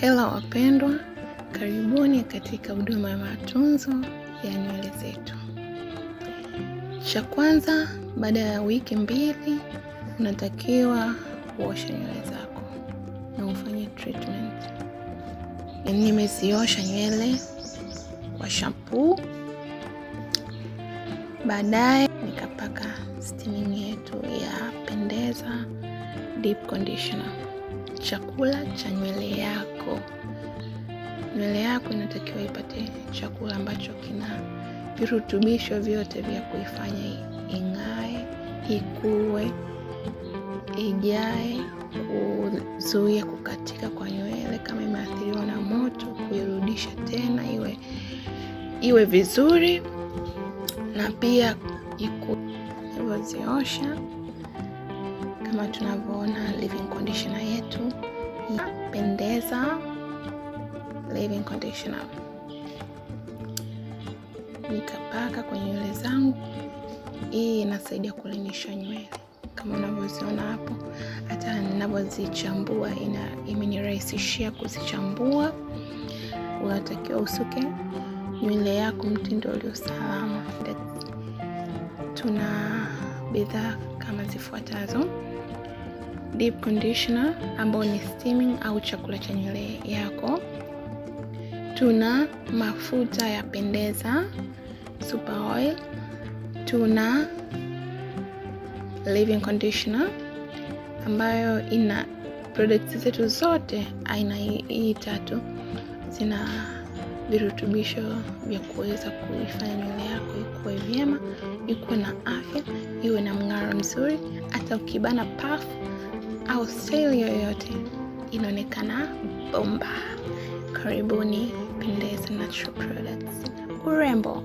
Hela wapendwa, karibuni katika huduma ya matunzo ya nywele zetu. Cha kwanza, baada ya wiki mbili unatakiwa kuosha nywele zako na ufanye treatment. Nimeziosha nywele kwa shampoo, baadaye nikapaka steaming yetu ya pendeza deep conditioner chakula cha nywele yako. Nywele yako inatakiwa ipate chakula ambacho kina virutubisho vyote vya kuifanya ing'ae, ikue, ijae, kuzuia kukatika kwa nywele kama imeathiriwa na moto, kuirudisha tena iwe iwe vizuri na pia iku hivyo ziosha kama tunavyoona living conditioner yetu pendeza Living conditioner nikapaka kwenye nywele zangu. Hii inasaidia kulainisha nywele kama unavyoziona hapo, hata ninavyozichambua imenirahisishia kuzichambua. Unatakiwa usuke nywele yako mtindo ulio salama. Tuna bidhaa kama zifuatazo: deep conditioner ambao ni steaming au chakula cha nywele yako. Tuna mafuta ya pendeza super oil. Tuna leave-in conditioner ambayo ina products zetu zote aina hii tatu zina virutubisho vya kuweza kuifanya nywele yako ikuwe vyema, ikuwe na afya, iwe na mng'aro mzuri. Hata ukibana puff au seli yoyote inaonekana bomba. Karibuni Pendeza Natural Products, urembo